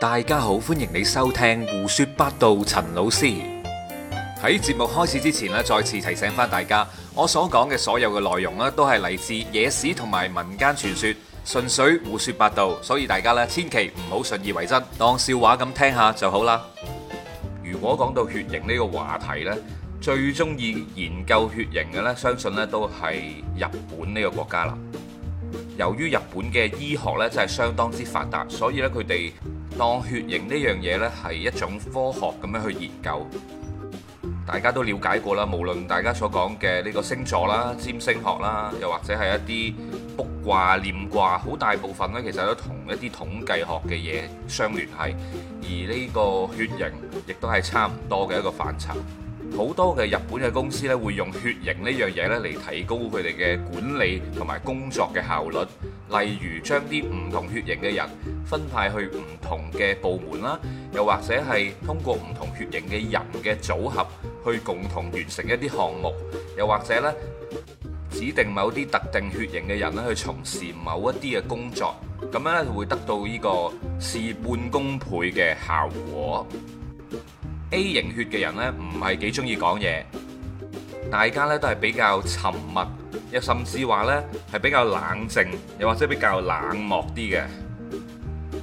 大家好，歡迎你收聽胡說八道。陳老師喺節目開始之前咧，再次提醒返大家，我所講嘅所有嘅內容咧，都係嚟自野史同埋民間傳說，純粹胡說八道，所以大家咧千祈唔好信以為真，當笑話咁聽下就好啦。如果講到血型呢個話題咧，最中意研究血型嘅咧，相信咧都係日本呢個國家啦。由於日本嘅醫學咧真係相當之發達，所以咧佢哋當血型呢樣嘢呢係一種科學咁樣去研究，大家都了解過啦。無論大家所講嘅呢個星座啦、占星學啦，又或者係一啲卜卦、念卦，好大部分呢其實都同一啲統計學嘅嘢相聯繫，而呢個血型亦都係差唔多嘅一個範疇。好多嘅日本嘅公司咧，會用血型呢樣嘢咧嚟提高佢哋嘅管理同埋工作嘅效率。例如將啲唔同血型嘅人分派去唔同嘅部門啦，又或者係通過唔同血型嘅人嘅組合去共同完成一啲項目，又或者咧指定某啲特定血型嘅人咧去從事某一啲嘅工作，咁樣咧就會得到呢個事半功倍嘅效果。A 型血嘅人呢，唔係幾中意講嘢，大家呢，都係比較沉默，又甚至話呢，係比較冷靜，又或者比較冷漠啲嘅，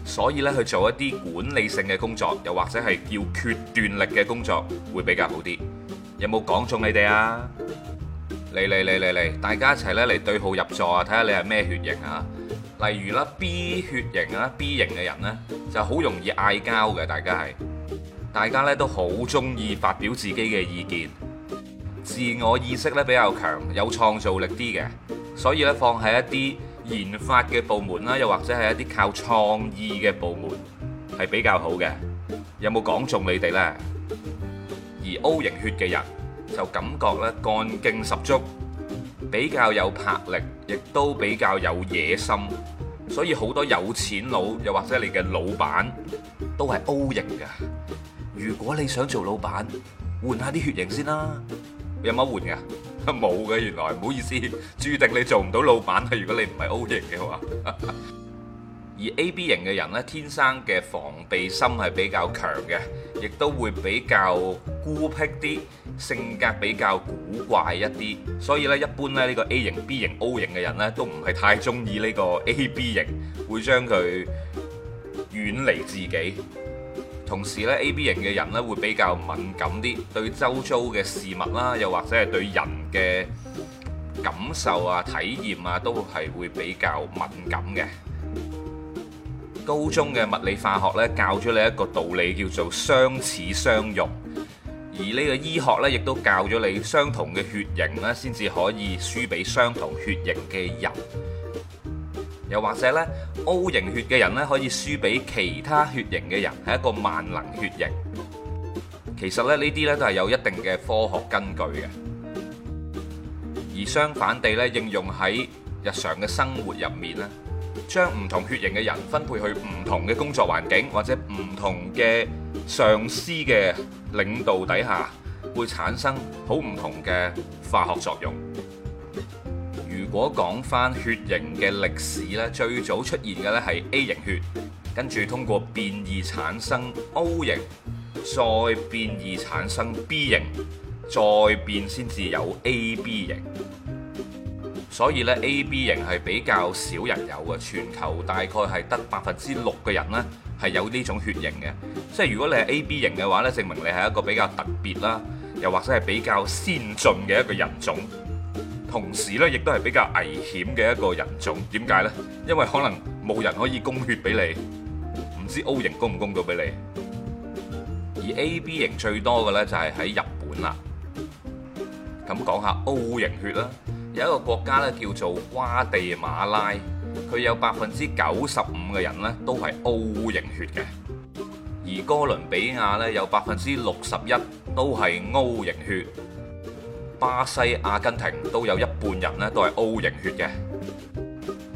所以呢，去做一啲管理性嘅工作，又或者係叫決斷力嘅工作會比較好啲。有冇講中你哋啊？嚟嚟嚟嚟嚟，大家一齊呢，嚟對號入座啊，睇下你係咩血型啊。例如啦，B 血型啊，B 型嘅人呢，就好容易嗌交嘅，大家係。大家咧都好鍾意發表自己嘅意見，自我意識咧比較強，有創造力啲嘅，所以咧放喺一啲研發嘅部門啦，又或者係一啲靠創意嘅部門係比較好嘅。有冇講中你哋呢？而 O 型血嘅人就感覺咧幹勁十足，比較有魄力，亦都比較有野心，所以好多有錢佬又或者你嘅老闆都係 O 型嘅。如果你想做老闆，換下啲血型先啦。有乜換噶？冇嘅，原來唔好意思，注定你做唔到老闆啊！如果你唔係 O 型嘅話， 而 AB 型嘅人呢，天生嘅防備心係比較強嘅，亦都會比較孤僻啲，性格比較古怪一啲。所以呢，一般呢呢個 A 型、B 型、O 型嘅人呢，都唔係太中意呢個 AB 型，會將佢遠離自己。同時咧，A、B 型嘅人咧會比較敏感啲，對周遭嘅事物啦，又或者係對人嘅感受啊、體驗啊，都係會比較敏感嘅。高中嘅物理化學咧教咗你一個道理，叫做「相似相溶」；而呢個醫學咧亦都教咗你相同嘅血型咧先至可以輸俾相同血型嘅人，又或者咧。O 型血嘅人咧可以輸俾其他血型嘅人，係一個萬能血型。其實咧呢啲咧都係有一定嘅科學根據嘅。而相反地咧應用喺日常嘅生活入面咧，將唔同血型嘅人分配去唔同嘅工作環境或者唔同嘅上司嘅領導底下，會產生好唔同嘅化學作用。如果講翻血型嘅歷史咧，最早出現嘅咧係 A 型血，跟住通過變異產生 O 型，再變異產生 B 型，再變先至有 AB 型。所以呢，AB 型係比較少人有嘅，全球大概係得百分之六嘅人呢係有呢種血型嘅。即係如果你係 AB 型嘅話咧，證明你係一個比較特別啦，又或者係比較先進嘅一個人種。同時咧，亦都係比較危險嘅一個人種。點解咧？因為可能冇人可以供血俾你，唔知 O 型供唔供到俾你。而 AB 型最多嘅咧就係喺日本啦。咁講下 O 型血啦，有一個國家咧叫做瓜地馬拉，佢有百分之九十五嘅人咧都係 O 型血嘅。而哥倫比亞咧有百分之六十一都係 O 型血。巴西、阿根廷都有一半人咧都係 O 型血嘅。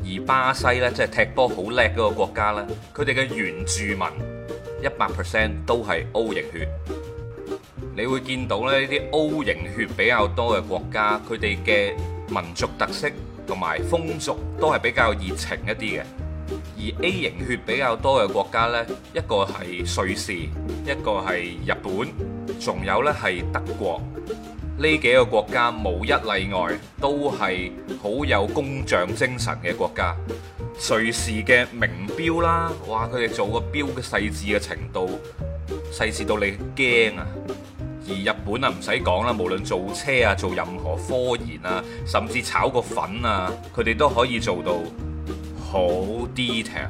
而巴西咧即係踢波好叻嗰個國家咧，佢哋嘅原住民一百 percent 都係 O 型血。你會見到咧呢啲 O 型血比較多嘅國家，佢哋嘅民族特色同埋風俗都係比較熱情一啲嘅。而 A 型血比較多嘅國家呢，一個係瑞士，一個係日本，仲有呢係德國。呢幾個國家冇一例外，都係好有工匠精神嘅國家。瑞士嘅名錶啦，哇！佢哋做個錶嘅細緻嘅程度，細緻到你驚啊！而日本啊，唔使講啦，無論做車啊，做任何科研啊，甚至炒個粉啊，佢哋都可以做到好 detail。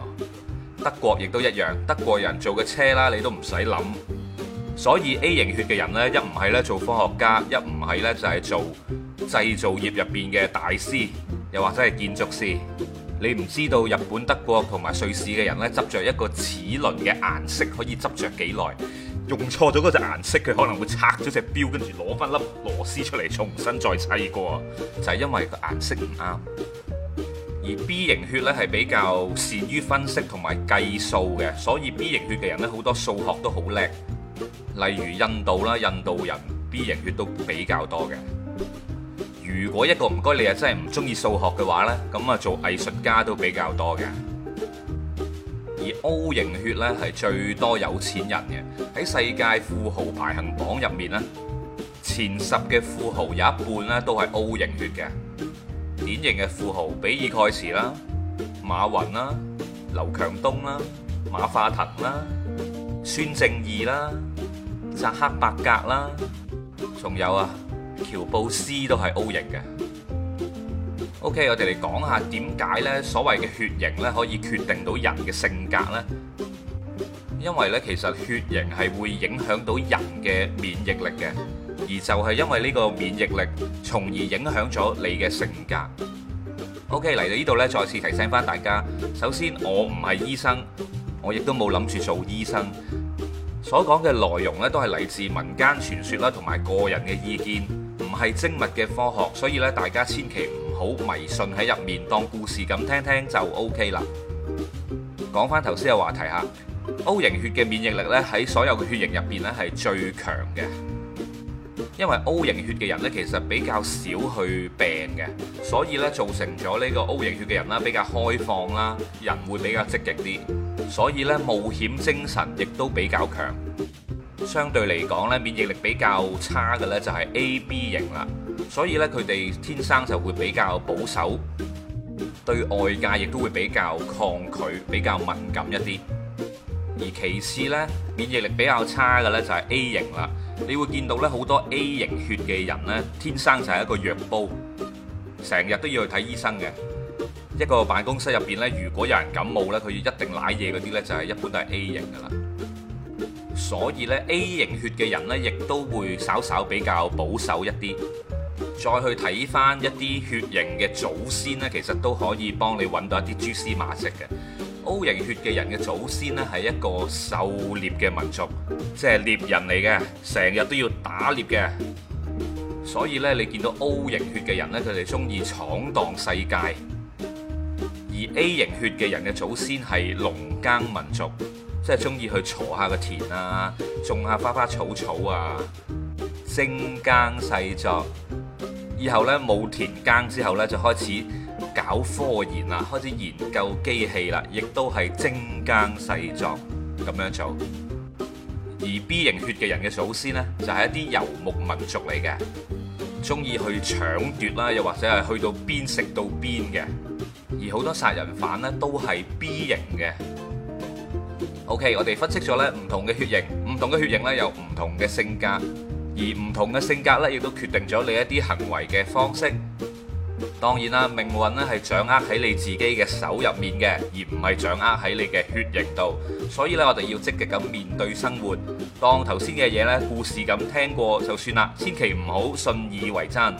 德國亦都一樣，德國人做嘅車啦，你都唔使諗。所以 A 型血嘅人呢，一唔係咧做科學家，一唔係咧就係做製造業入邊嘅大師，又或者係建築師。你唔知道日本、德國同埋瑞士嘅人呢，執着一個齒輪嘅顏色可以執着幾耐。用錯咗嗰隻顏色，佢可能會拆咗隻錶，跟住攞翻粒螺絲出嚟重新再砌過。就係因為個顏色唔啱。而 B 型血呢，係比較善於分析同埋計數嘅，所以 B 型血嘅人呢，好多數學都好叻。例如印度啦，印度人 B 型血都比較多嘅。如果一個唔該你啊，真係唔中意數學嘅話呢，咁啊做藝術家都比較多嘅。而 O 型血呢，係最多有錢人嘅，喺世界富豪排行榜入面呢，前十嘅富豪有一半呢都係 O 型血嘅。典型嘅富豪，比爾蓋茨啦、馬雲啦、劉強東啦、馬化騰啦。孫正義啦，扎克伯格啦，仲有啊喬布斯都係 O 型嘅。OK，我哋嚟講下點解呢，所謂嘅血型呢，可以決定到人嘅性格呢？因為呢，其實血型係會影響到人嘅免疫力嘅，而就係因為呢個免疫力，從而影響咗你嘅性格。OK，嚟到呢度呢，再次提醒翻大家，首先我唔係醫生，我亦都冇諗住做醫生。所講嘅內容咧，都係嚟自民間傳說啦，同埋個人嘅意見，唔係精密嘅科學，所以咧，大家千祈唔好迷信喺入面，當故事咁聽聽就 OK 啦。講返頭先嘅話題吓，O 型血嘅免疫力咧，喺所有嘅血型入邊咧，係最強嘅，因為 O 型血嘅人咧，其實比較少去病嘅，所以咧，造成咗呢個 O 型血嘅人啦比較開放啦，人會比較積極啲。所以咧，冒險精神亦都比較強。相對嚟講咧，免疫力比較差嘅咧就係 AB 型啦。所以咧，佢哋天生就會比較保守，對外界亦都會比較抗拒，比較敏感一啲。而其次咧，免疫力比較差嘅咧就係 A 型啦。你會見到咧好多 A 型血嘅人咧，天生就係一個藥煲，成日都要去睇醫生嘅。一個辦公室入邊咧，如果有人感冒咧，佢一定瀨嘢嗰啲咧，就係一般都係 A 型噶啦。所以呢，A 型血嘅人呢，亦都會稍稍比較保守一啲。再去睇返一啲血型嘅祖先呢，其實都可以幫你揾到一啲蛛絲馬跡嘅。O 型血嘅人嘅祖先呢，係一個狩獵嘅民族，即係獵人嚟嘅，成日都要打獵嘅。所以呢，你見到 O 型血嘅人呢，佢哋中意闖蕩世界。而 A 型血嘅人嘅祖先係農耕民族，即係中意去鋤下個田啊，種下花花草草啊，精耕細作。以後呢，冇田耕之後呢，就開始搞科研啦，開始研究機器啦，亦都係精耕細作咁樣做。而 B 型血嘅人嘅祖先呢，就係一啲遊牧民族嚟嘅，中意去搶奪啦，又或者係去到邊食到邊嘅。而好多殺人犯呢都係 B 型嘅。OK，我哋分析咗呢唔同嘅血型，唔同嘅血型呢有唔同嘅性格，而唔同嘅性格呢亦都決定咗你一啲行為嘅方式。當然啦，命運呢係掌握喺你自己嘅手入面嘅，而唔係掌握喺你嘅血型度。所以呢，我哋要積極咁面對生活。當頭先嘅嘢呢，故事咁聽過就算啦，千祈唔好信以為真。